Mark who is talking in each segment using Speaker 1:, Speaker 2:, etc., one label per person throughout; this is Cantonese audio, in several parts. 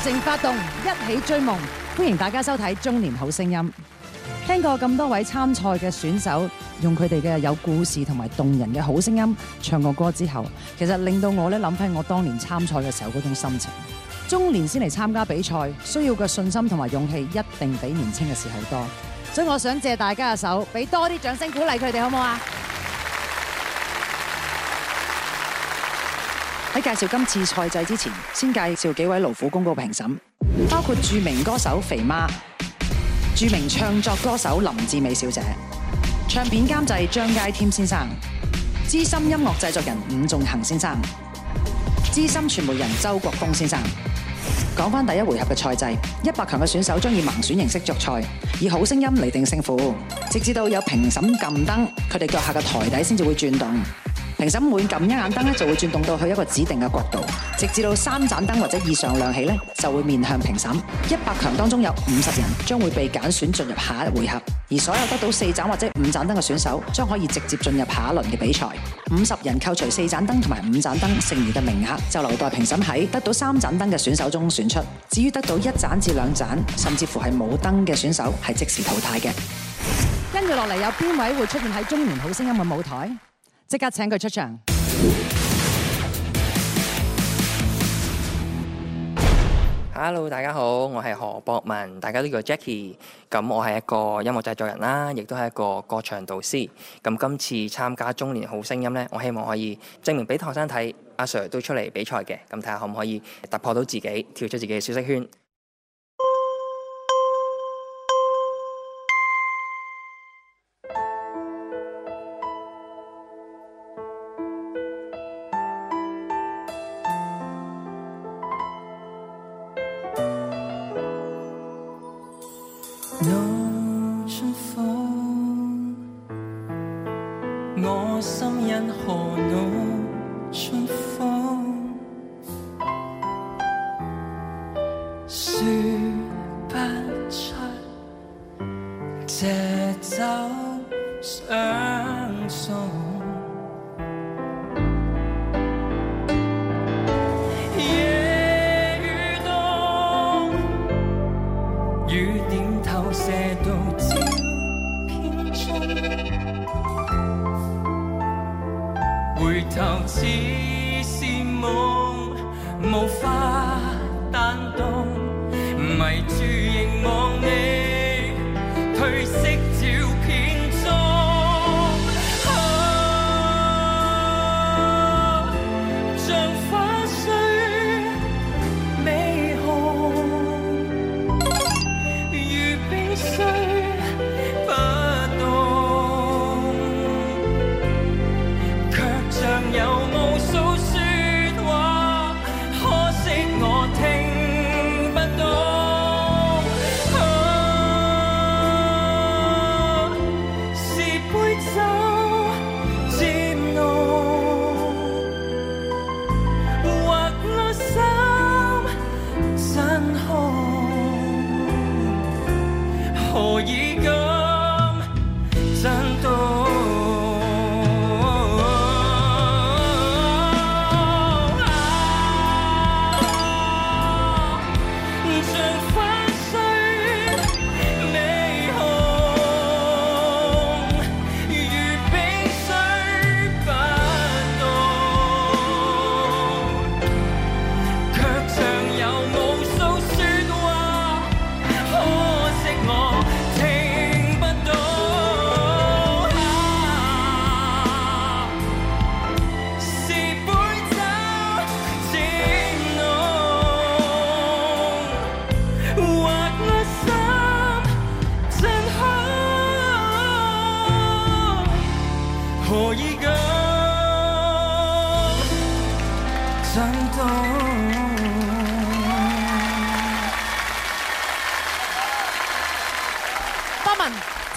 Speaker 1: 正發動，一起追夢。歡迎大家收睇《中年好聲音》。聽過咁多位參賽嘅選手，用佢哋嘅有故事同埋動人嘅好聲音唱過歌之後，其實令到我咧諗返我當年參賽嘅時候嗰種心情。中年先嚟參加比賽，需要嘅信心同埋勇氣一定比年輕嘅時候多。所以我想借大家嘅手，俾多啲掌聲鼓勵佢哋，好唔好啊？喺介紹今次賽制之前，先介紹幾位勞苦功高評審，包括著名歌手肥媽、著名唱作歌手林志美小姐、唱片監製張佳添先生、資深音樂製作人伍仲恒先生、資深傳媒人周國峰先生。講翻第一回合嘅賽制，一百強嘅選手將以盲選形式作賽，以好聲音嚟定勝負，直至到有評審撳燈，佢哋腳下嘅台底先至會轉動。評審每撳一眼燈就會轉動到去一個指定嘅角度，直至到三盞燈或者以上亮起就會面向評審。一百強當中有五十人將會被揀選進入下一回合，而所有得到四盞或者五盞燈嘅選手，將可以直接進入下一輪嘅比賽。五十人扣除四盞燈同埋五盞燈剩餘嘅名額，就留待評審喺得到三盞燈嘅選手中選出。至於得到一盞至兩盞，甚至乎係冇燈嘅選手，係即
Speaker 2: 時淘汰嘅。
Speaker 1: 跟住落嚟有邊位會出現喺《中年好聲音》嘅舞台？即刻請佢出場。
Speaker 3: Hello，大家好，我係何博文，大家都叫 Jackie。咁我係一個音樂製作人啦，亦都係一個歌唱導師。咁今次參加中年好聲音呢，我希望可以證明俾學生睇，阿 Sir 都出嚟比賽嘅。咁睇下可唔可以突破
Speaker 4: 到自己，跳出自己嘅舒適圈。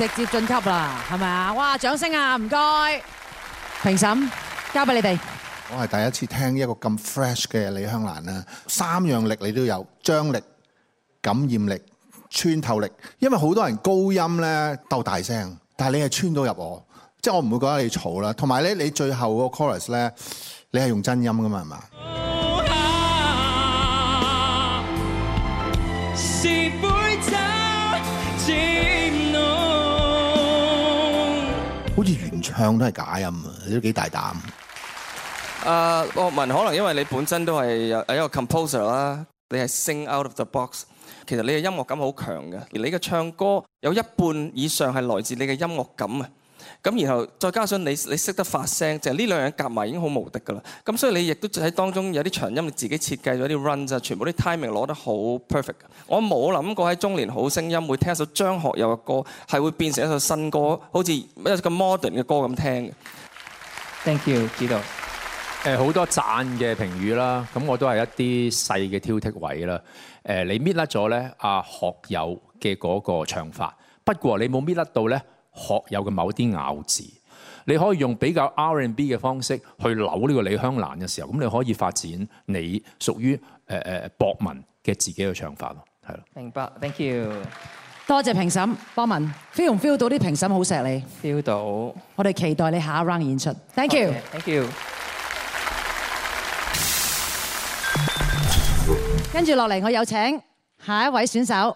Speaker 1: 直接晉級啦，係咪啊？哇！掌聲啊！唔該，評審交俾你哋。
Speaker 5: 我係第一次聽一個咁 fresh 嘅李香蘭啦，三樣力你都有：張力、感染力、穿透力。因為好多人高音咧鬥大聲，但係你係穿到入我，即係我唔會覺得你嘈啦。同埋咧，你最後個 chorus 咧，你係用真音㗎嘛？係嘛？好似原唱都係假音啊！你都幾大膽
Speaker 3: 的我？誒，博文可能因為你本身都係一個 composer 啦，你係 sing out of the box，其實你嘅音樂感好強嘅，而你嘅唱歌有一半以上係來自你嘅音樂感啊！咁然後再加上你你識得發聲，就係呢兩樣夾埋已經好無敵噶啦。咁所以你亦都喺當中有啲長音，你自己設計咗啲 run 啫，全部啲 timing 攞得好 perfect。我冇諗過喺中年好聲音會聽一首張學友嘅歌，係會變成一首新歌，好似一個 modern 嘅歌咁聽。
Speaker 4: Thank you，知道。誒，好多讚嘅評語啦。咁我都係一啲細嘅挑剔位啦。誒，你搣甩咗咧阿學友嘅嗰個唱法。不過你冇搣甩到咧。學友嘅某啲咬字，你可以用比較 R&B 嘅方式去扭呢個李香蘭嘅時候，咁你可以發展你屬於誒誒博文嘅自己嘅唱法咯，係咯。
Speaker 1: 明白，thank you，多謝評審，博文，feel 唔 feel 到啲評審好錫你
Speaker 5: ？feel 覺到，
Speaker 1: 我哋期待你下一 round 演出，thank
Speaker 5: you，thank you。
Speaker 1: 跟住落嚟，謝謝我有請下一位選手。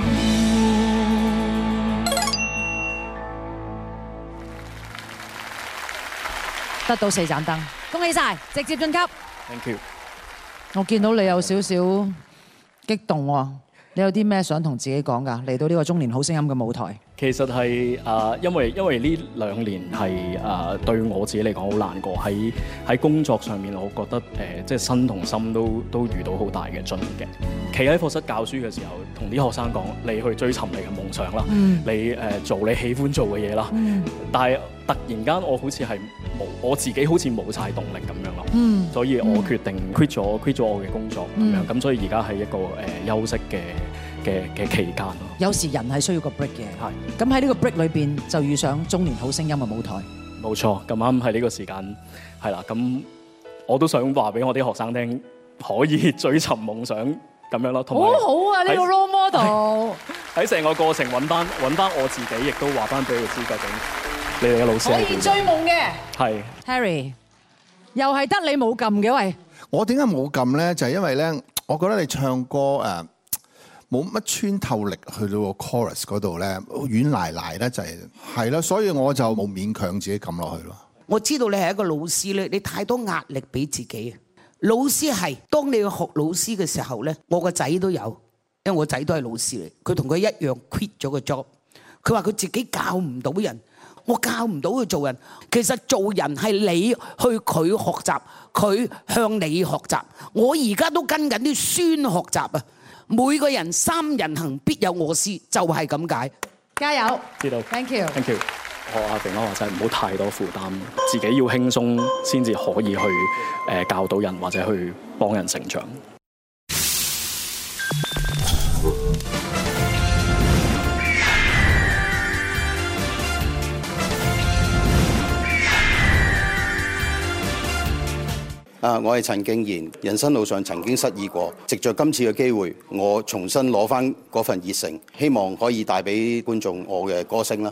Speaker 1: 得到四盞燈，恭喜曬，直接晉級。Thank you。我見到你有少少激動喎，你有啲咩想同自己講㗎？嚟到呢個中年好聲音嘅舞台。
Speaker 6: 其實係啊，因為因為呢兩年係啊對我自己嚟講好難過在，喺喺工作上面，我覺得誒即係身同心都都遇到好大嘅衝擊。企喺課室教書嘅時候，同啲學生講：你去追尋你嘅夢想啦，嗯、你誒做你喜歡做嘅嘢啦。嗯、但係突然間，我好似係冇我自己好似冇晒動力咁樣囉。嗯、所以我決定 quit 咗 quit 咗我嘅工作咁樣。咁所以而家係一個誒休息嘅。嘅嘅期間咯，
Speaker 1: 有時人係需要個 break 嘅，係咁。喺呢個 break 裏邊就遇上中年好聲音嘅舞台，
Speaker 6: 冇錯，咁啱喺呢個時間，係啦，咁我都想話俾我啲學生聽，可以追尋夢想咁樣咯，同好好啊呢個
Speaker 1: role model，
Speaker 6: 喺成個過程揾翻揾翻我自己也告，亦都話翻俾佢知究竟你哋嘅老師係可以追夢嘅，係
Speaker 1: Harry，又係得你冇撳嘅喂，
Speaker 5: 我點解冇撳咧？就係、是、因為咧，我覺得你唱歌誒。冇乜穿透力，去到個 chorus 嗰度咧，軟賴賴咧，就係係啦，所以我就冇勉強自己撳落去咯。
Speaker 7: 我知道你係一個老師咧，你太多壓力俾自己。老師係當你去學老師嘅時候咧，我個仔都有，因為我仔都係老師嚟，佢同佢一樣 quit 咗個 job。佢話佢自己教唔到人，我教唔到佢做人。其實做人係你去佢學習，佢向你學習。我而家都跟緊啲孫學習啊！每個人三人行必有我師，就係咁解。加油！
Speaker 6: 謝謝！知道。Thank you。Thank you。我阿平哥話齋唔好太多負擔，自己要輕鬆先至可以去誒教到人或者去幫人成長。
Speaker 8: 啊！我係陳敬賢，人生路上曾經失意過，藉着今次嘅機會，我重新攞返嗰份熱誠，希望可以帶畀觀眾我嘅歌聲啦。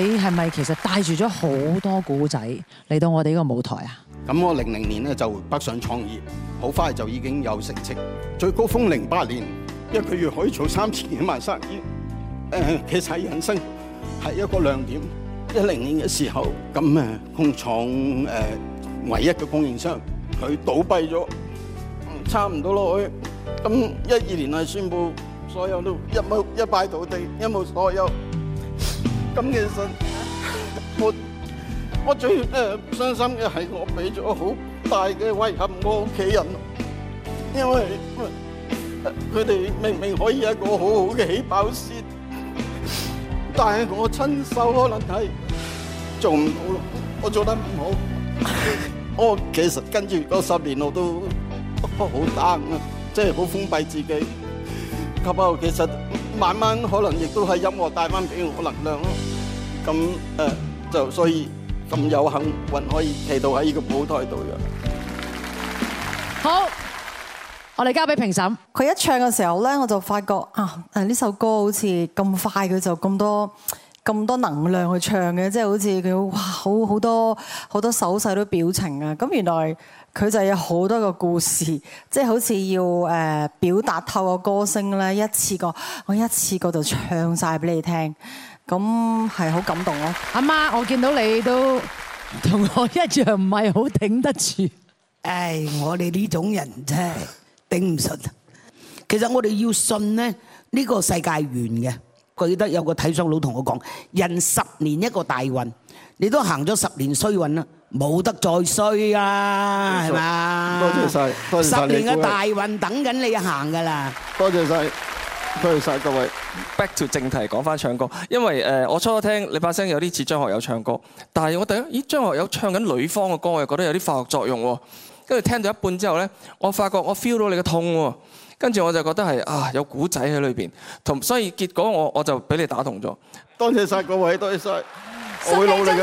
Speaker 1: 你係咪其實帶住咗好多古仔嚟到我哋呢個舞台啊？
Speaker 8: 咁我零零年咧就北上創業，好快就已經有成績。最高峰零八年一個月可以做三千幾萬生意。誒、呃，其實人生係一個亮點。一零年嘅時候，咁誒工廠誒唯一嘅供應商佢倒閉咗，差唔多落去。咁一二年啊，宣布所有都一冇一敗塗地，一冇所有。 咁其實我我最誒傷心嘅係我俾咗好大嘅遺憾我屋企人，因為佢哋明明可以有一個好好嘅起跑線，但係我親手可能係做唔到咯，我做得唔好。我其實跟住嗰十年我都好 down 啊，即係好封閉自己。咁啊，其實。慢慢可能亦都係音樂帶翻俾我能量咯，咁誒就所以咁有幸運可以企到喺呢個舞台度。
Speaker 9: 好，我哋交俾評審。佢一唱嘅時候咧，我就發覺啊，誒呢首歌好似咁快，佢就咁多咁多能量去唱嘅，即係好似佢哇，好好多好多手勢都表情啊，咁原來。佢就有好多個故事，即係好似要誒表達透過歌聲咧，一次過，我一次過就唱晒俾你聽，咁係好
Speaker 7: 感動咯。阿媽，我見到你都同我一樣唔係好頂得住。誒，我哋呢種人真係頂唔順啊！其實我哋要信咧，呢個世界完嘅。記得有個睇相佬同我講：人十年一個大運，你都行咗十年衰運啦。冇得再衰啊，冇錯，係嘛？多謝晒，多謝晒，十年嘅大運等緊你行噶啦多謝晒，
Speaker 3: 多謝晒各位。Back to 正題，講翻唱歌，因為誒，我初初聽你把聲有啲似張學友唱歌，但係我突然咦，張學友唱緊女方嘅歌，我又覺得有啲化學作用。跟住聽到一半之後咧，我發覺我 feel 到你嘅痛，跟住我就覺得係啊，有古仔喺裏邊，同所以結果我我就俾你打動咗。
Speaker 8: 多謝晒各位，多謝晒。我。我會努力嘅。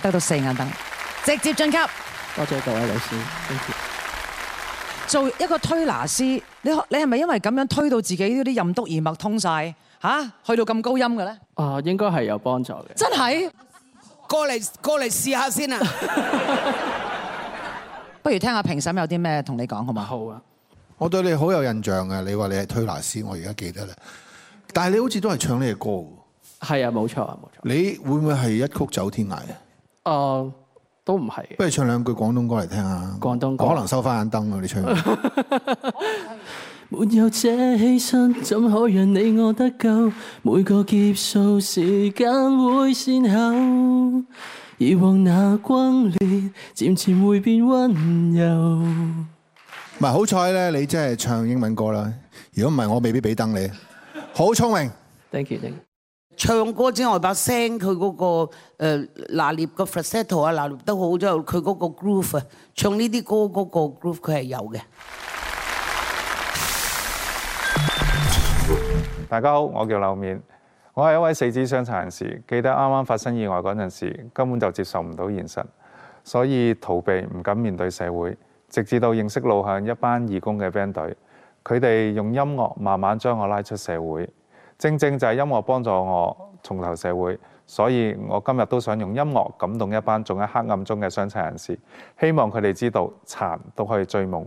Speaker 1: 得到四眼燈，直接晉級。多謝各位老師。多謝。做一個推拿師，你你係咪因為咁樣推到自己啲任督二脈通晒，嚇，去到咁高音嘅咧？啊，應該
Speaker 3: 係有幫助嘅。
Speaker 7: 真係，過嚟過嚟試下先啊！
Speaker 1: 不如聽下評審有啲咩同你講好嘛？好啊。
Speaker 5: 我對你好有印象啊。你話你係推拿師，我而家記得啦。但係你好似都係唱呢個歌喎。係啊，冇錯啊，冇錯。錯錯你會唔會係一曲走天涯啊？
Speaker 8: 啊，都唔係。不如
Speaker 5: 唱兩句廣東歌嚟聽下。廣東歌可能收翻眼燈㗎，你唱。沒有這
Speaker 2: 犧牲，怎可讓你我得救？每個劫數，時間會善後。以往那轟烈，漸漸會變溫
Speaker 5: 柔。唔係好彩咧，你真係唱英文歌啦。如果唔係，我未必俾燈你。好聰明。Thank you, thank you.
Speaker 7: 唱歌之外，把聲佢嗰個、呃、拿捏個 falsetto 啊，拿捏得好咗。佢嗰個 groove 啊，唱呢啲歌嗰個 groove 佢係有嘅。
Speaker 10: 大家好，我叫柳冕，我係一位四肢傷殘人士。記得啱啱發生意外嗰陣時，根本就接受唔到現實，所以逃避，唔敢面對社會，直至到認識路向一班義工嘅 band 隊。佢哋用音樂慢慢將我拉出社會。正正就係音樂幫助我重投社會，所以我今日都想用音樂感動一班仲喺黑暗中嘅傷殘人士，希望佢哋知道殘都可以追夢。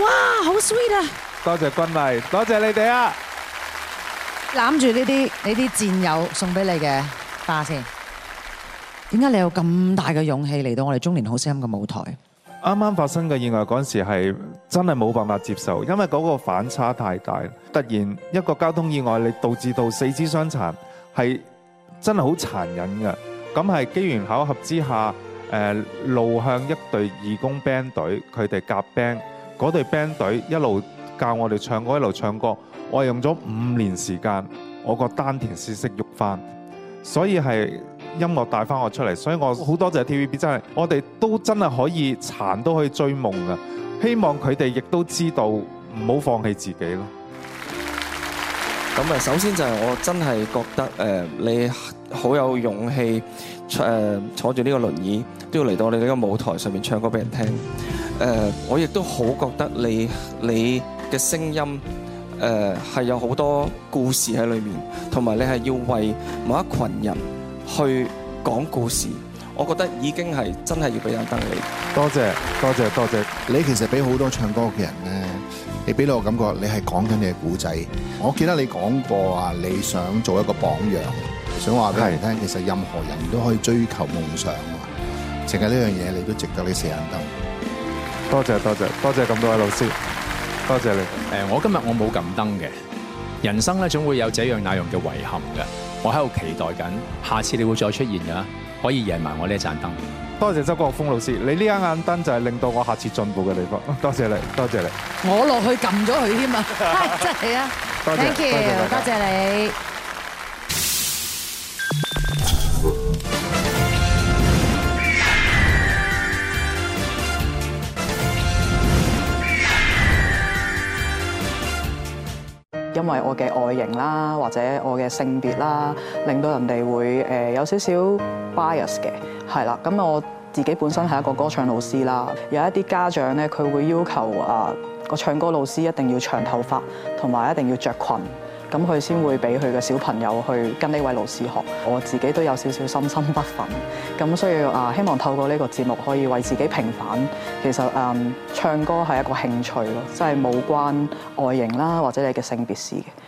Speaker 1: 哇，好 sweet 啊！
Speaker 10: 多謝君麗，多謝，謝你哋啊，著
Speaker 1: 這些！攬住呢啲呢啲戰友送俾你嘅花先。點解你有咁大嘅勇氣嚟到我哋中年好聲音嘅舞台？
Speaker 10: 啱啱發生嘅意外嗰陣時係真係冇辦法接受，因為嗰個反差太大。突然一個交通意外，你導致到四肢傷殘，係真係好殘忍噶。咁係機緣巧合之下，誒，路向一隊義工 band 隊，佢哋夾 band。嗰隊 band 隊一路教我哋唱歌，一路唱歌。我係用咗五年時間，我個丹田知識喐翻，所以係音樂帶翻我出嚟。所以我好多謝 TVB，真係我哋都真係可以殘都可以追夢噶。希望佢哋亦都知道唔好放棄自己咯。
Speaker 3: 咁啊，首先就係我真係覺得誒，你好有勇氣坐，坐住呢個輪椅都要嚟到我哋呢個舞台上面唱歌俾人聽。誒，我亦都好覺得你你嘅聲音誒係有好多故事喺裏面，同埋你係要為某一群人去講故事。我覺得已經係真係要四眼燈你。
Speaker 5: 多謝多謝多謝。謝謝謝謝你其實俾好多唱歌嘅人咧，你俾到我感覺，你係講緊你嘅故仔。我記得你講過啊，你想做一個榜樣，想話俾人聽，其實任何人都可以追求夢想。淨係呢樣嘢，你都值得你四眼燈。多謝多
Speaker 4: 謝多謝咁多位老師，多謝你。誒，我今日我冇撳燈嘅，人生咧總會有這樣那樣嘅遺憾嘅。我喺度期待緊，下次你會再出現噶，可以贏埋我呢一盞燈。
Speaker 10: 多謝周國峰老師，你呢一眼燈就係令到我下次進步嘅地方。多謝你，多謝你
Speaker 1: 我。我落去撳咗佢添啊，真係啊
Speaker 10: 謝謝。Thank you，多
Speaker 1: 謝你。
Speaker 9: 因為我嘅外
Speaker 1: 形啦，或者我嘅性別啦，令到人哋會誒有少少 bias 嘅係啦。咁我自己本身係一個歌唱老師啦，有一啲家長咧，佢會要求啊個唱歌老師一定要長頭髮，同埋一定要着裙。咁佢先會俾佢嘅小朋友去跟呢位老師學，我自己都有少少心心不憤，咁所以啊，希望透過呢個節目可以為自己平反。其實唱歌係一個興趣咯，即係冇關外形啦，或者你嘅性別事嘅。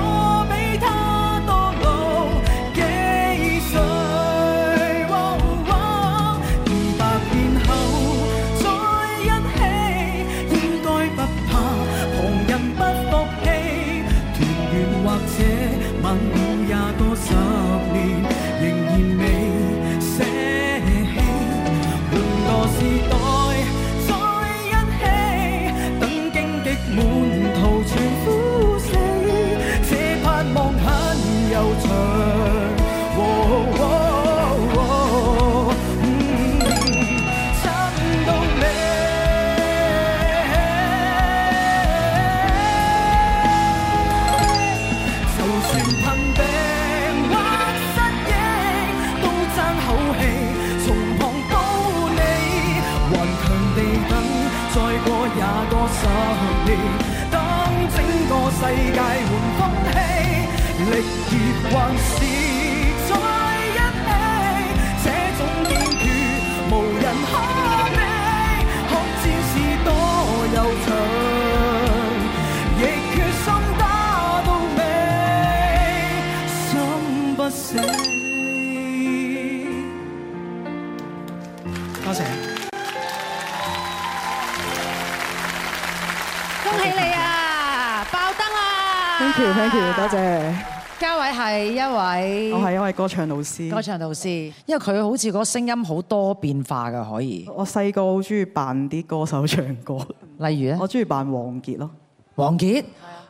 Speaker 6: thank you，thank you，多謝。
Speaker 1: 嘉偉係一位，我係一位歌唱老師。歌唱老師，因為佢好似個聲音好多變化噶，可以。我細個好中意扮啲歌手唱歌。例如咧，我中意扮王傑咯。王傑傑的，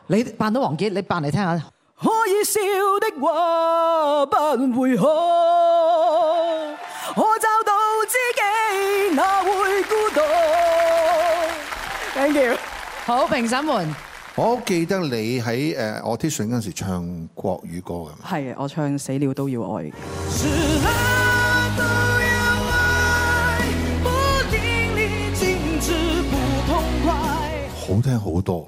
Speaker 1: 你扮到王傑，你扮嚟聽下。
Speaker 2: 可以笑的話不會哭。我找到
Speaker 5: 知己那會孤獨。Thank you，好評審們。我記得你喺 audition 嗰時候唱國語歌㗎
Speaker 9: 嘛？係，我唱死了都要愛。
Speaker 5: 好聽好多。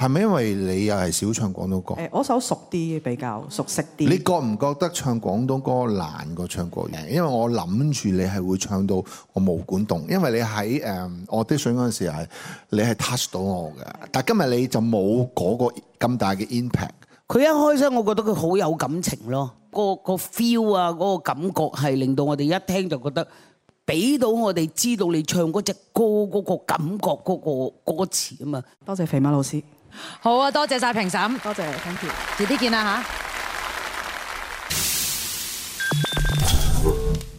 Speaker 5: 係咪因為你又係少唱廣東歌？誒，我首熟啲，比較熟悉啲。你覺唔覺得唱廣東歌難過唱國語？因為我諗住你係會唱到我冇管動，因為你喺誒我滴水嗰陣時係你係 touch 到我嘅，但係今日你就冇嗰個咁大嘅 impact。佢一開聲，我覺
Speaker 7: 得佢好有感情咯，個個 feel 啊，嗰個感覺係令到我哋一聽就覺得俾到我哋知道你唱嗰隻歌嗰個感覺、嗰個歌詞啊嘛。多謝肥媽老師。
Speaker 1: 好啊，多謝晒評審，多謝，謝，感謝，謝，遲啲見啦吓。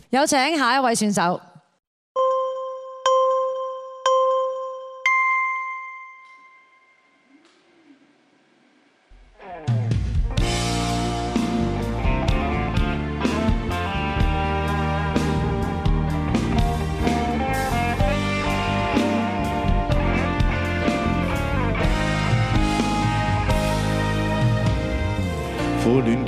Speaker 1: 有請下一位選手。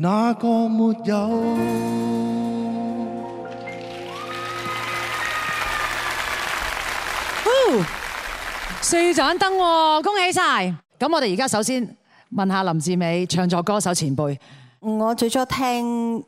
Speaker 11: 哪個沒有？
Speaker 1: 四盞燈，恭喜晒！咁我哋而家首先問下林志美，唱作歌手前輩，我
Speaker 9: 最初聽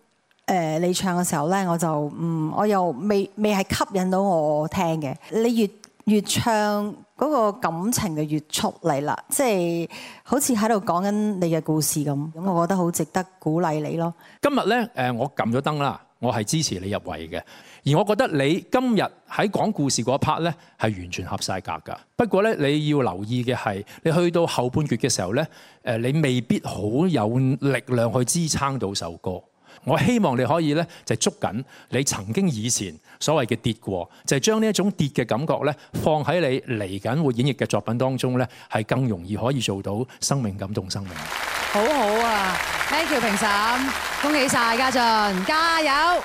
Speaker 9: 誒你唱嘅時候咧，我就嗯我又未未係吸引到我聽嘅，你越越唱。嗰個感情嘅閲出嚟啦，即係好似喺度講緊你嘅故事咁，咁我覺得好值得鼓勵你咯。
Speaker 4: 今日咧，誒我撳咗燈啦，我係支持你入圍嘅，而我覺得你今日喺講故事嗰一 part 咧係完全合晒格㗎。不過咧，你要留意嘅係，你去到後半段嘅時候咧，誒你未必好有力量去支撐到首歌。我希望你可以咧就捉緊你曾經以前。所謂嘅跌過，就係、是、將呢一種跌嘅感覺咧，放喺你嚟緊會演繹嘅作品當中咧，係更容易可以做到生命感動生命。
Speaker 1: 好好啊 thank you！評審，恭喜晒嘉俊，加油！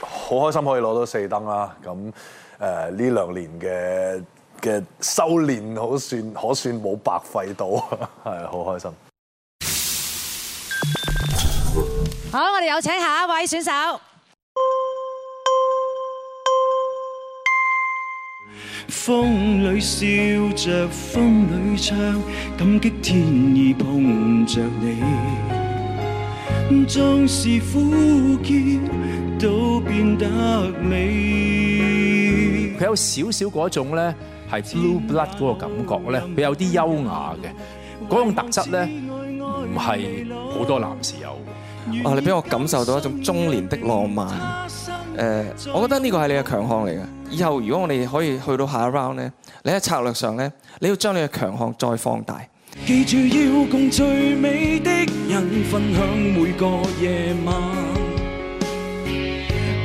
Speaker 4: 好開心可以攞到四燈啦！
Speaker 11: 咁誒呢兩年嘅嘅修練，好算可算冇白費到，係好開心。
Speaker 1: 好，我哋有請下一位選手。
Speaker 2: 風裏笑着，風裏唱，感激天意碰着你，縱是苦澀
Speaker 4: 都變得美。佢有少少嗰種咧，係 blue blood 嗰個感覺咧，佢有啲優雅嘅，嗰種特質咧唔係好多男士有。
Speaker 7: 啊，
Speaker 3: 你俾我感受到一種中年的浪漫。誒、呃，我覺得呢個係你嘅強項嚟嘅。以後如果我哋可以去到下一 round 咧，你喺策略上咧，你要將你嘅強項再放大。
Speaker 2: 記住要共最美的人分享每個
Speaker 5: 夜晚，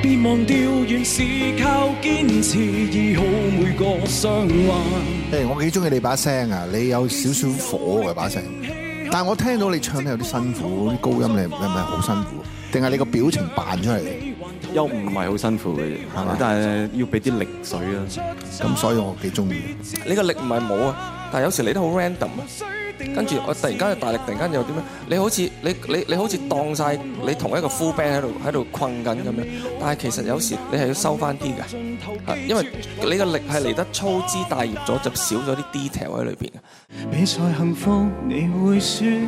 Speaker 5: 別忘掉緣是靠堅持醫好每個傷患。誒，我幾中意你把聲啊！你有少少
Speaker 6: 火嘅把聲，
Speaker 5: 但係我聽到你唱得有啲辛苦，啲高音你係咪好辛苦？定係你個表情扮出嚟？
Speaker 6: 又唔係好辛苦嘅。係嘛？係嘛，但係要俾啲力水啊，咁所以我幾中意。你個力唔係冇啊，但係有時你都好
Speaker 3: random 啊，
Speaker 2: 跟住我突
Speaker 3: 然間大力，突然間又點樣？你好似你你你好似當晒你同一個 full band 喺度喺度困緊咁樣，但係其實有時你係要收翻啲㗎，
Speaker 2: 因為你個力係嚟
Speaker 3: 得粗枝大葉咗，就少咗啲 detail 喺裏邊。
Speaker 12: 比賽幸福你會說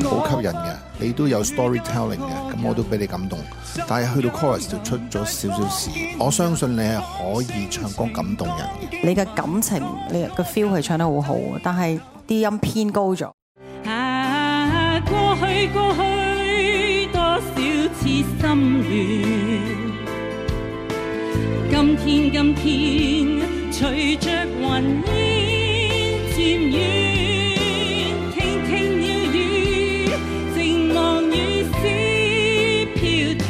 Speaker 2: 好吸
Speaker 5: 引嘅，你都有 storytelling 嘅，咁我都俾你感動。但係去到 chorus 就出咗少少
Speaker 9: 事，我相信你係可以唱歌感動人嘅。你嘅感情，你個 feel 係唱得好好，但係啲音偏高咗。啊，過去
Speaker 2: 過去，過去多少次心願，今天今天隨着雲煙漸遠。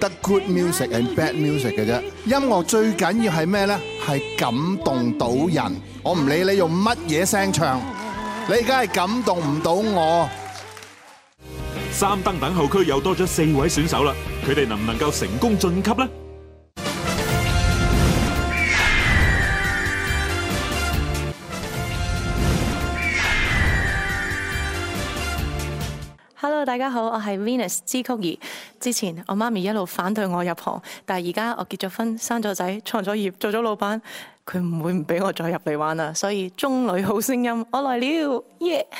Speaker 5: 得 good music and bad music 嘅啫，音樂最緊要係咩咧？係感動到人。我唔理你用乜嘢聲唱，你而家係感動唔到我。
Speaker 6: 三燈等候區又多咗四位選手啦，佢哋能唔能夠成功晉級咧？
Speaker 9: 大家好，我係 Venus 支嚳儀。之前我媽咪一路反對我入行，但係而家我結咗婚、生咗仔、創咗業、做咗老闆，佢唔會唔俾我再入嚟玩啦所以中女好聲音，
Speaker 7: 我來了，耶，yeah！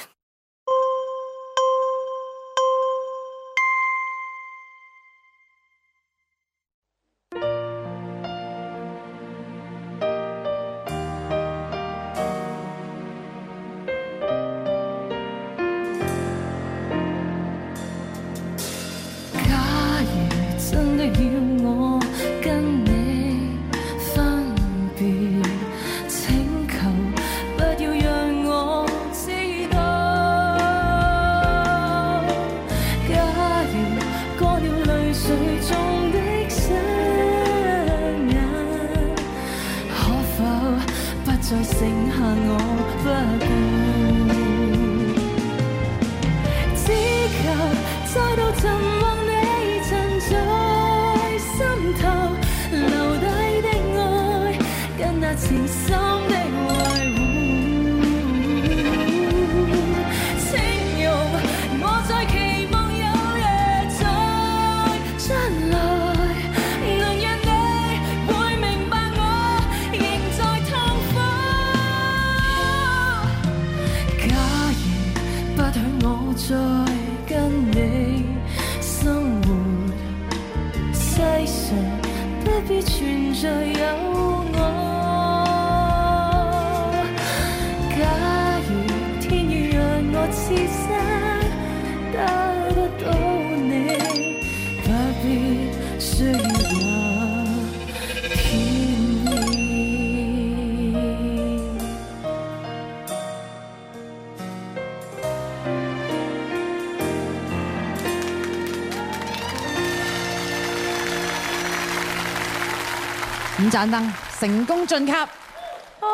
Speaker 1: 盞燈成功晉級，哇！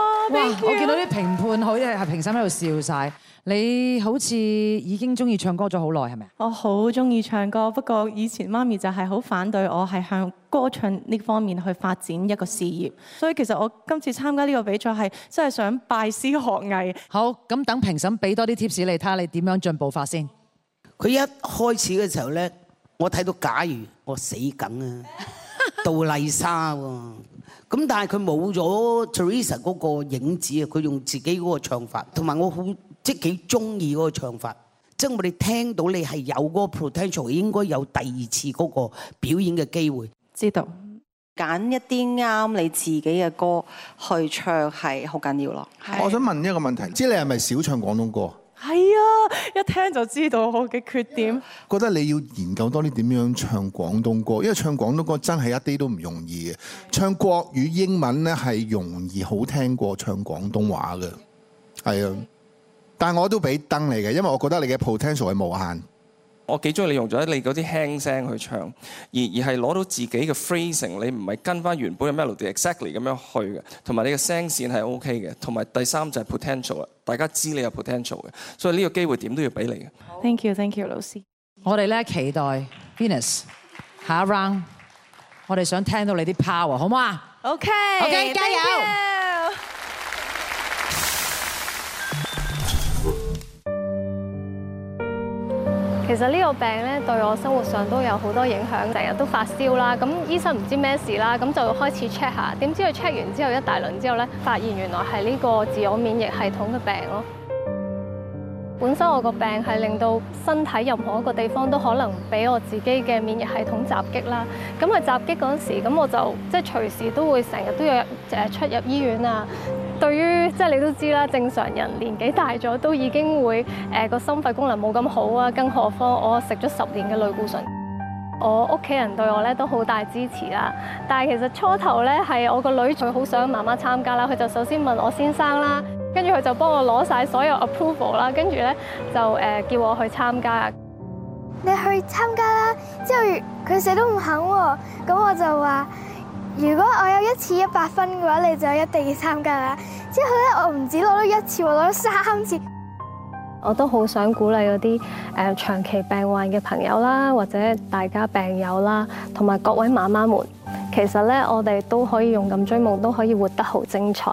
Speaker 1: 我見到啲評判好，即係評審喺
Speaker 9: 度笑晒。你好似已經中意唱歌咗好耐，係咪？我好中意唱歌，不過以前媽咪就係好反對我係向歌唱呢方面去發展一個事業。所以其實我今次參加呢個比賽係真係想拜師學藝。好，
Speaker 1: 咁等評審俾多啲 tips 你，睇下你點樣進步法先。
Speaker 7: 佢一開始嘅時候咧，我睇到假如我死梗啊，杜麗莎喎。咁但係佢冇咗 Teresa 嗰個影子啊！佢用自己嗰個唱法，同埋我好即係幾中意嗰個唱法。即係我哋聽到你係有嗰個 potential，應該有第二次嗰個表演嘅機會。知道，揀一啲啱
Speaker 9: 你自己嘅歌去唱係好緊要咯。係。我想問一個問題，即係你係咪
Speaker 5: 少唱廣東歌？
Speaker 9: 係啊，一聽就知道我嘅缺點
Speaker 5: 啊。覺得你要研究多啲點樣唱廣東歌，因為唱廣東歌真係一啲都唔容易嘅。的唱國語英文呢係容易好聽過唱廣東話嘅，係啊。但我都俾燈你嘅，因為我覺得你嘅 potential 係無限。
Speaker 3: 我幾中意你用咗你嗰啲輕聲去唱，而而係攞到自己嘅 phrasing，你唔係跟翻原本嘅 melody exactly 咁樣去嘅，同埋你嘅聲線係 OK 嘅，同埋第三就係 potential 啊！大家知你有 potential 嘅，所以呢個機會點都要俾你嘅。
Speaker 1: Thank you，Thank you，老師，我哋咧期待 Venus 下一 round，我哋想聽到你啲 power，好唔好
Speaker 13: 啊？OK，OK，加油！其實呢個病咧對我生活上都有好多影響，成日都發燒啦。咁醫生唔知咩事啦，咁就開始 check 下，點知佢 check 完之後一大輪之後咧，發現原來係呢個自我免疫系統嘅病咯。本身我個病係令到身體任何一個地方都可能俾我自己嘅免疫系統襲擊啦。咁佢襲擊嗰陣時，咁我就即係隨時都會成日都有誒出入醫院啊。對於即係你都知啦，正常人年紀大咗都已經會誒個心肺功能冇咁好啊，更何況我食咗十年嘅類固醇。我屋企人對我咧都好大支持啦。但係其實初頭咧係我個女最好想媽媽參加啦，佢就首先問我先生啦。跟住佢就幫我攞晒所有 approval 啦，跟住咧就誒叫我去參加。你去參
Speaker 2: 加啦，之後佢死都唔肯喎，咁我就話如果我有一次一百分嘅話，你就一定要參加啦。之後咧我唔止攞咗一次，攞咗三
Speaker 13: 次。我都好想鼓勵嗰啲誒長期病患嘅朋友啦，或者大家病友啦，同埋各位媽媽們，其實咧我哋都可以勇敢追夢，都可以活得好精彩。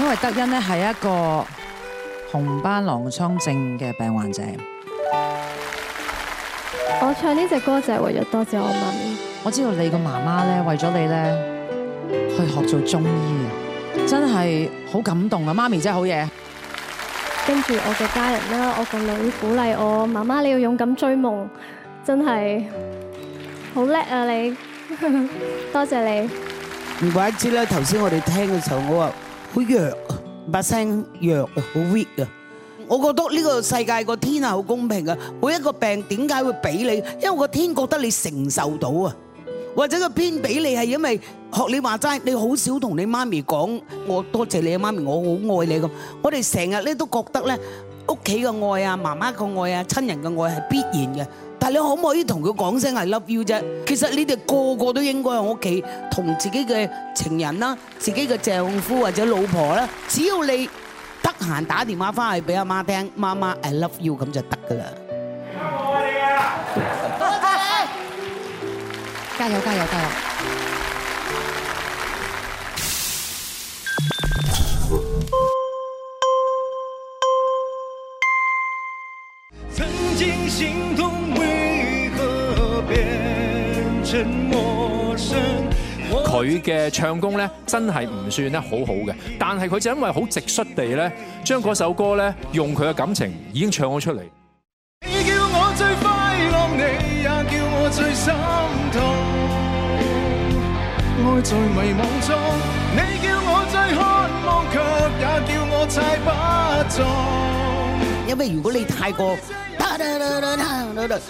Speaker 1: 因為德恩咧係一個紅斑狼瘡症嘅病患者，我唱呢隻歌就係為咗多謝我媽咪。我知道你個媽媽咧為咗你咧去學做中
Speaker 2: 醫，
Speaker 13: 真係好感動啊！媽咪真係好嘢。跟住我嘅家人啦，我父母鼓勵我媽媽，你要勇敢追夢，真係好叻啊！你多謝你。
Speaker 7: 唔怪之啦，頭先我哋聽嘅時候，我話。好弱啊，把聲弱啊，好 weak 啊！我覺得呢個世界個天係好公平啊，每一個病點解會俾你？因為個天覺得你承受到啊，或者個天俾你係因為學你話齋，你好少同你媽咪講，我多謝你媽咪，我好愛你咁。我哋成日咧都覺得咧，屋企嘅愛啊，媽媽嘅愛啊，親人嘅愛係必然嘅。但你可唔可以同佢講聲係 love you 啫？其實你哋個個都應該喺屋企同自己嘅情人啦、自己嘅丈夫或者老婆啦，只要你得閒打電話翻去俾阿媽聽，媽媽 I love you 咁就得㗎啦。加
Speaker 14: 油！
Speaker 7: 加油！加油！
Speaker 4: 佢嘅唱功咧，真係唔算得好好嘅，但係佢就因為好直率地咧，將嗰首歌咧，用佢嘅感情已經唱咗出嚟。
Speaker 2: 你叫我最快樂，你也叫我最心痛，愛在迷茫中，你
Speaker 7: 叫我最渴望，卻也叫我猜不中，因為如果你太過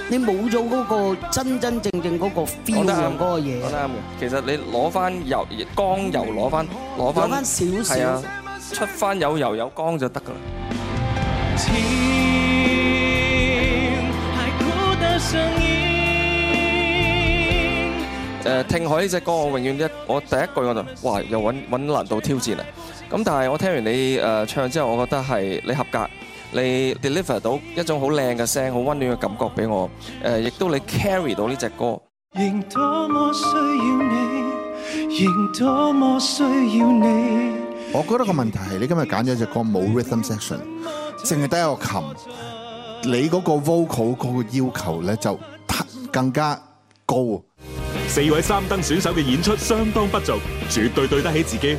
Speaker 7: 你冇咗嗰個真真正正嗰個 feel 啊，嗰個嘢。講得
Speaker 3: 啱嘅，其實你攞翻油光油攞翻攞翻少少，出翻有油有光就得噶啦。
Speaker 2: 誒，
Speaker 3: 聽海呢隻歌，我永遠一我第一句我就，哇，又揾揾難度挑戰啊！咁但係我聽完你誒唱之後，我覺得係你合格。你 deliver 到一種好靚嘅聲，好溫暖嘅感覺俾我。誒，亦都你 carry 到呢隻
Speaker 5: 歌。
Speaker 2: 仍多麼需要你，
Speaker 5: 仍多麼需要你。我覺得個問題係你今日揀咗隻歌冇 rhythm section，淨係得一個琴。你嗰個 vocal 嗰個要求咧就更加
Speaker 6: 高。四位三登選手嘅演出相當不俗，絕對對得起自己。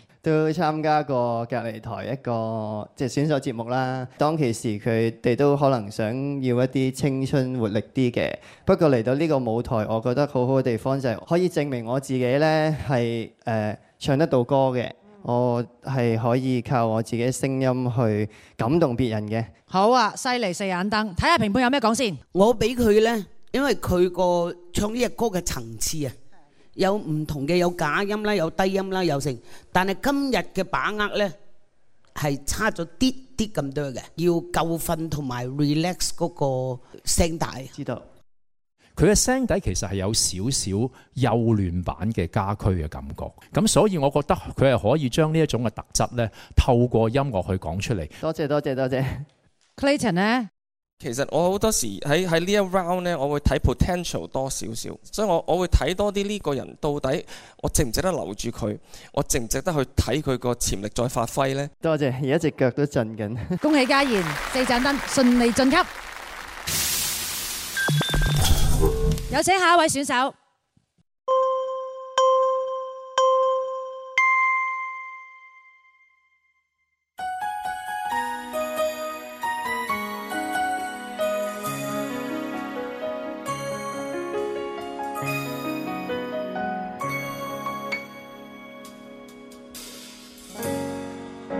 Speaker 15: 都參加過隔離台一個即係選手節目啦。當其時佢哋都可能想要一啲青春活力啲嘅。不過嚟到呢個舞台，我覺得好好嘅地方就係可以證明我自己呢係、呃、唱得到歌嘅。我係可以靠我自己的聲音去感動別
Speaker 7: 人嘅。
Speaker 1: 好啊，犀利四眼燈，睇下評判有咩講先。
Speaker 7: 我俾佢呢，因為佢個唱呢隻歌嘅層次啊。有唔同嘅，有假音啦，有低音啦，有成。但係今日嘅把握呢，係差咗啲啲咁多嘅，要夠瞓同埋 relax 嗰個聲帶。知道。
Speaker 4: 佢嘅聲底其實係有少少幼嫩版嘅家駒嘅感覺。咁所以我覺得佢係可以將呢一種嘅特質呢，透過音樂去講出嚟。
Speaker 15: 多謝多
Speaker 1: 謝多謝。Clayton 呢？
Speaker 4: 其實我好多時喺喺呢一 round 咧，我會睇
Speaker 3: potential 多少少，所以我我會睇多啲呢個人到底我值唔值得留住佢，我值唔值得去睇佢個潛力再發揮呢？
Speaker 15: 多謝，而家隻腳都震緊。
Speaker 1: 恭喜敬賢四盞燈順利晉級，有請下一位選手。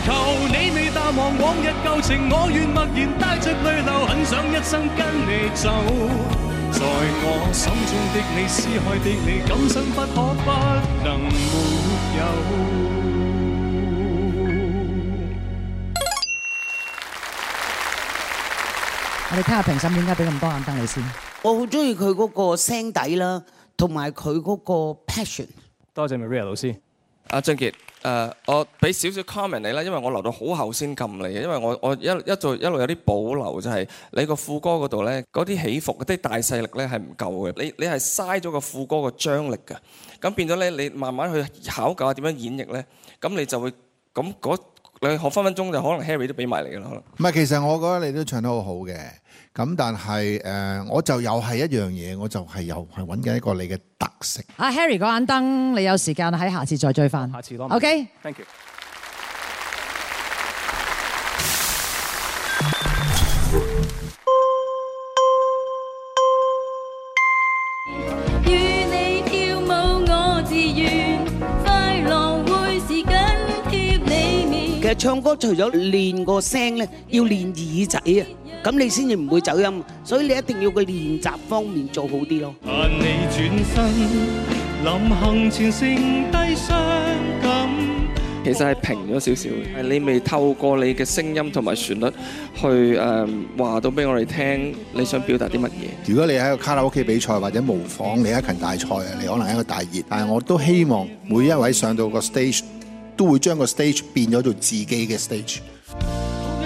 Speaker 12: 求你未淡忘往日舊情，我願默然帶着淚流，很想一生跟你走。在我心中的你，思海的你，今生不可不能沒有。
Speaker 7: 我哋聽下評審點解俾咁多眼燈你先。我好中意佢嗰個聲底啦，同埋佢嗰個 passion。多謝 Maria 老師。
Speaker 3: 阿俊傑，誒、啊呃、我俾少少 comment 你啦，因為我留到好後先撳你嘅，因為我我一一做一路有啲保留、就是，就係你個副歌嗰度咧，嗰啲起伏嗰啲大勢力咧係唔夠嘅，你你係嘥咗個副歌
Speaker 5: 個張力嘅，
Speaker 3: 咁變咗咧你,你慢慢去考究下點樣演繹咧，咁你就會咁嗰你可分分鐘就可能 Harry 都俾埋你嘅啦。可能
Speaker 5: 唔係，其實我覺得你都唱得好好嘅。咁但係誒，我就又係一樣嘢，我就係又係揾緊一個你嘅特色。
Speaker 1: 阿 Harry 嗰眼燈，你有時間喺下次再追翻。下次咯。OK。
Speaker 6: Thank
Speaker 14: you。與你跳舞我自願，快樂會是緊貼
Speaker 7: 你面。其實唱歌除咗練個聲咧，要練耳仔啊。咁你先至唔會走音，所以你一定要個練習方面做好啲咯。
Speaker 12: 但你轉身，臨行前剩低傷感。其實係
Speaker 3: 平咗少少，係你未透過你嘅聲音同埋旋律去誒話到俾我哋聽，你想表達啲乜嘢？
Speaker 5: 如果你喺個卡拉 OK 比賽或者模仿李克勤大賽啊，你可能係一個大熱，但係我都希望每一位上到個 stage 都會將個 stage 變咗做自己嘅 stage。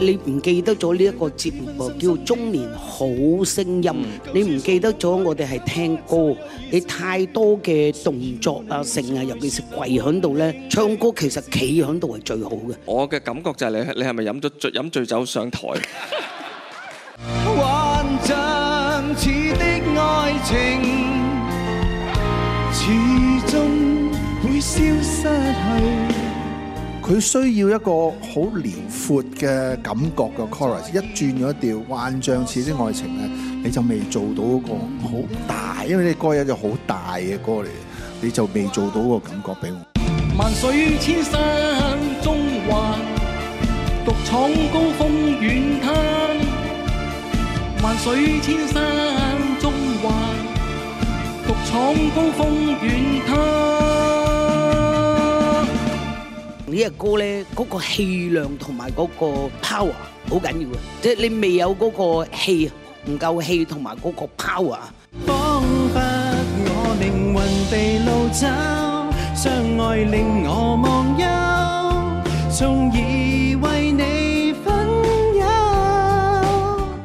Speaker 7: 你唔記得咗呢一個節目喎，叫《中年好聲音》。你唔記得咗我哋係聽歌，你太多嘅動作啊、成日，尤其是跪喺度咧唱歌，其實企喺度係最好嘅。
Speaker 3: 我嘅感覺就係你，你係咪飲咗醉飲醉酒上台？
Speaker 2: 幻象似的愛情，
Speaker 5: 始終會消失去。佢需要一個好遼闊嘅感覺嘅 chorus，一轉咗一調一，幻象似啲愛情咧，你就未做到嗰個好大，因為呢歌有一隻好大嘅歌嚟，你就未做到一個感覺俾我萬。
Speaker 12: 萬水千山
Speaker 2: 縱橫，獨闖高峰遠灘。萬水千山縱橫，獨闖高
Speaker 7: 峰遠灘。呢隻歌咧，嗰個氣量同埋嗰個 power 好緊要啊，即係你未有嗰個氣，唔夠氣同埋嗰個 power。
Speaker 2: 相愛令我忘憂，
Speaker 5: 從而為你
Speaker 2: 分憂。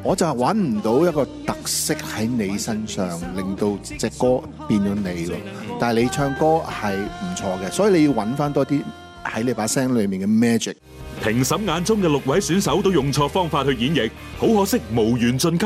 Speaker 5: 我就係揾唔到一個特色喺你身上，令到隻歌變咗你咯。但係你唱歌係唔錯嘅，所以你要揾翻多啲。喺呢把聲裏面嘅
Speaker 6: magic，評審眼中嘅六位選手都用錯方法去演繹，好可惜無緣進級。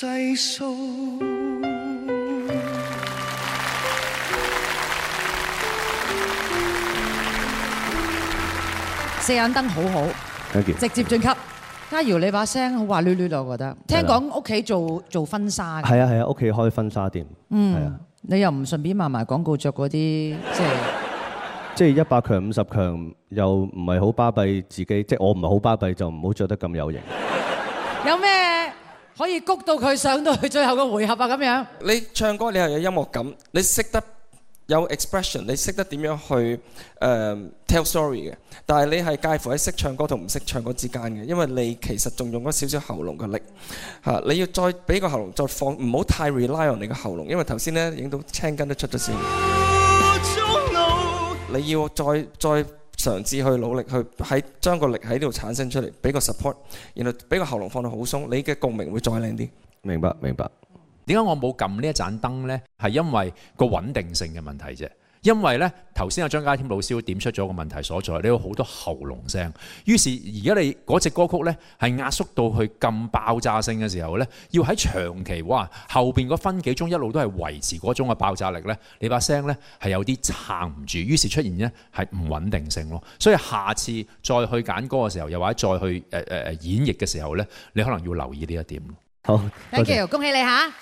Speaker 2: 細
Speaker 1: 數四眼燈，好好。Thank you. 直接晉級，家瑤 Thank you. 你把聲好滑捋捋啦，我覺得。Thank you. 聽講屋企做做婚紗。係
Speaker 15: 啊係啊，屋企開婚紗店。
Speaker 1: 嗯，mm, yeah. 你又唔順便賣埋廣告着嗰啲，即係
Speaker 15: 即係一百強五十強又唔係好巴閉
Speaker 1: 自己，即係我唔係好巴閉就唔好着得咁有型。有咩？可以谷到佢上到去最後嘅回合啊！咁樣，
Speaker 3: 你唱歌你又有音樂感，你識得有 expression，你識得點樣去誒 tell story 嘅。但係你係介乎喺識唱歌同唔識唱歌之間嘅，因為你其實仲用咗少少喉嚨嘅力嚇。你要再俾個喉嚨再放，唔好太 rely on 你個喉嚨，因為頭先咧影到青筋都出咗
Speaker 2: 先。
Speaker 3: 你要再再。嘗試去努力去喺將個力喺呢度產生出嚟，俾個 support，然後俾個喉嚨放到好鬆，你嘅共鳴會再靚啲。明白明白。
Speaker 4: 點解我冇撳呢一盞燈呢？係因為個穩定性嘅問題啫。因為咧，頭先阿張家添老師點出咗個問題所在，你有好多喉嚨聲，於是而家你嗰隻歌曲咧係壓縮到去咁爆炸性嘅時候咧，要喺長期哇後邊嗰分幾鐘一路都係維持嗰種嘅爆炸力咧，你把聲咧係有啲撐唔住，於是出現咧係唔穩定性咯。所以下次再去揀歌嘅時候，又或者再去誒誒誒演繹嘅時候咧，你可能要留意呢一點。好
Speaker 1: ，thank you，恭喜你嚇。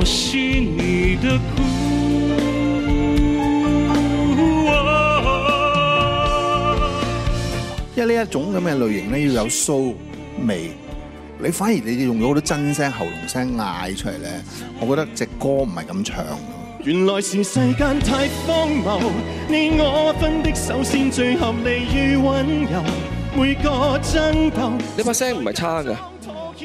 Speaker 5: 因為呢一種咁嘅類型咧，要有 show 味，你反而你哋用咗好多真聲、喉嚨聲嗌出嚟咧，我覺得隻歌唔係咁唱。
Speaker 12: 原來，是世間太荒謬，你我分的手先最合理與温柔，每個爭鬥。你把聲
Speaker 3: 唔係差噶。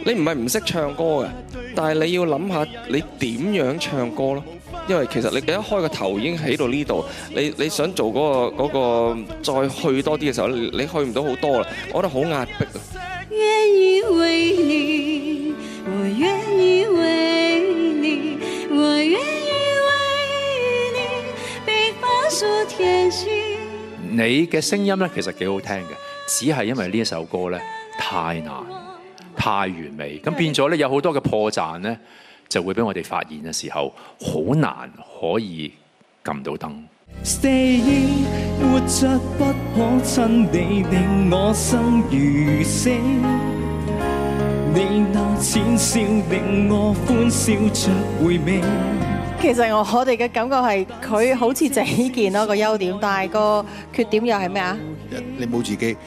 Speaker 3: 你唔係唔識唱歌嘅，但係你要諗下你點樣唱歌咯，因為其實你第一開個頭已經喺到呢度，你你想做嗰、嗰個、嗰個再去多啲嘅時候，你去唔到好多啦，我覺得好壓迫啊！
Speaker 14: 願意為你，我願意為你，我願意為你，
Speaker 4: 你嘅聲音咧其實幾好聽嘅，只係因為呢一首歌咧太難。太完美，咁變咗咧有好多嘅破綻咧，就會俾我哋發現嘅時候，好難可以撳到燈。
Speaker 9: 其實我哋嘅感覺係佢好似鄭伊健咯，個優點，但係個缺點又係咩
Speaker 5: 啊？你冇自己。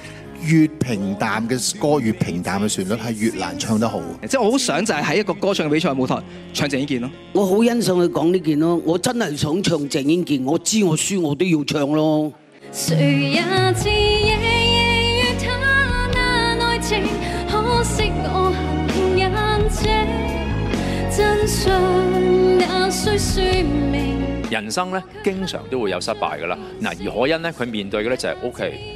Speaker 5: 越平淡嘅歌，越平淡嘅旋律，係越難唱得好。即係我好想就係喺一個歌唱嘅比賽舞台唱鄭伊健咯。
Speaker 7: 我好欣賞佢講呢件咯，我真係想唱鄭伊健。我知我輸，我都要唱
Speaker 14: 咯。
Speaker 4: 人生咧，經常都會有失敗噶啦。嗱、呃，而可欣呢，佢面對嘅咧就係 OK。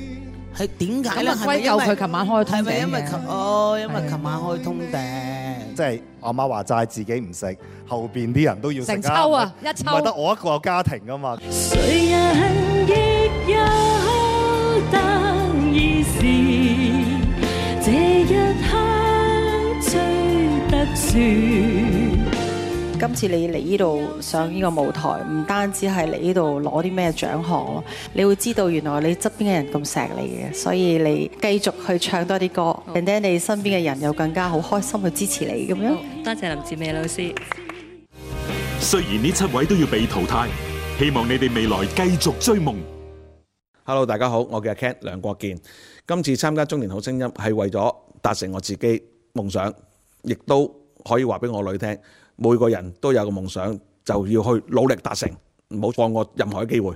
Speaker 7: 係點解咧？係因為因為琴晚開
Speaker 15: 通頂，即係阿媽話齋自己唔食，後邊啲人都要食。一
Speaker 2: 抽
Speaker 15: 啊，是一抽集，
Speaker 2: 唔係
Speaker 9: 得我一個家庭噶嘛。誰今次你嚟呢度上呢個舞台，唔單止係嚟呢度攞啲咩獎項咯，你會知道原來你側邊嘅人咁錫你嘅，所以你繼續去唱多啲歌，令到好你身邊嘅人又更加好開心去支持你咁樣。
Speaker 6: 多謝林志美老師。雖然呢七位都要被淘汰，希望你哋未來繼續追夢。Hello，大家好，我
Speaker 16: 叫阿 Kat 梁國健。今次參加中年好聲音係為咗達成我自己夢想，亦都可以話俾我女聽。每個人都有個夢想，就要去努力達成，唔好放過任何機會。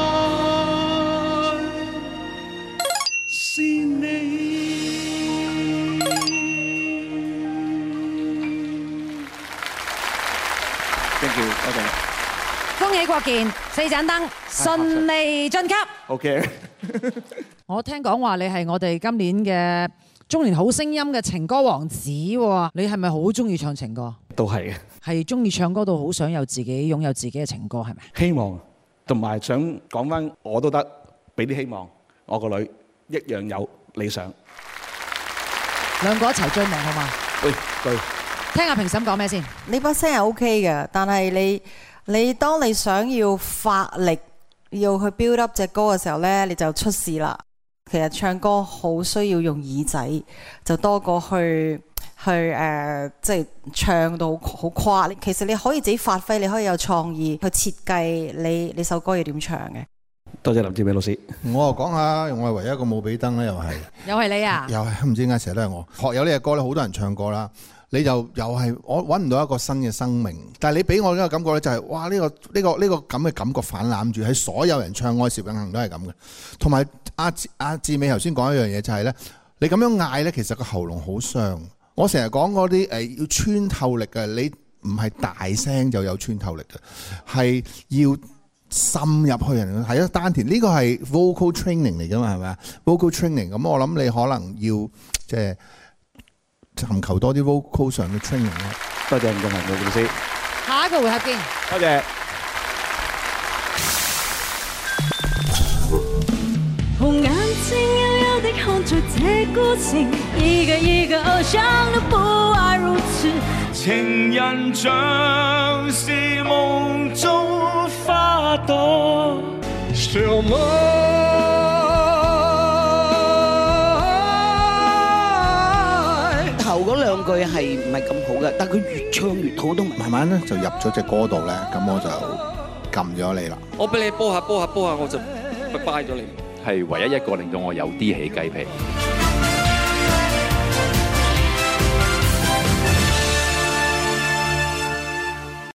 Speaker 1: 梁國健，四盞燈順利晉級。O K，我聽講話你係我哋今年嘅中年好聲音嘅情歌王子，你係咪好中意唱情歌？
Speaker 16: 都係嘅，
Speaker 1: 係中意唱歌到好想有自己擁有自己嘅情歌，係咪？
Speaker 16: 希望，同埋想講返我都得，俾啲希望我個女一樣
Speaker 6: 有理想。
Speaker 9: 兩個一齊追夢，
Speaker 6: 好嘛？對對，
Speaker 9: 聽下評審講咩先？你把聲係 O K 嘅，但係你。你當你想要發力要去 build up 隻歌嘅時候呢，你就出事啦。其實唱歌好需要用耳仔，就多過去去即係、呃就是、唱到好誇。其實你可以自己發揮，你可以有創意去設計你你首歌要點唱嘅。
Speaker 5: 多謝林志美老師，我講下，我係唯一一個冇俾燈咧，又係
Speaker 1: 又係你啊？
Speaker 5: 又係唔知點解成日都係我學友呢隻歌咧，好多人唱過啦。你就又係我揾唔到一個新嘅生命，但係你俾我一個感覺咧、就係，就係哇呢、呢個呢呢咁嘅感覺反攬住喺所有人唱愛是永恆都係咁嘅，同埋阿阿志美頭先講一樣嘢就係、係、咧，你咁樣嗌咧，其實個喉嚨好傷。我成日講嗰啲誒要穿透力嘅，你唔係大聲就有穿透力嘅，係要滲入去人。係一丹田呢、呢個係 vocal training 嚟㗎嘛係咪啊？vocal training 咁我諗你可能要即係。呃尋求多啲 vocal 上嘅 training
Speaker 6: 咯，多
Speaker 1: 謝吳俊
Speaker 14: 文老師。下一個
Speaker 2: 回合見，多
Speaker 7: 謝。
Speaker 5: 但佢越唱越好，都慢慢咧就入咗隻歌度咧，咁我就撳咗你啦。
Speaker 4: 我俾你播下，播下，播下，我就拜拜咗你。係唯一一個令到我有啲起雞皮。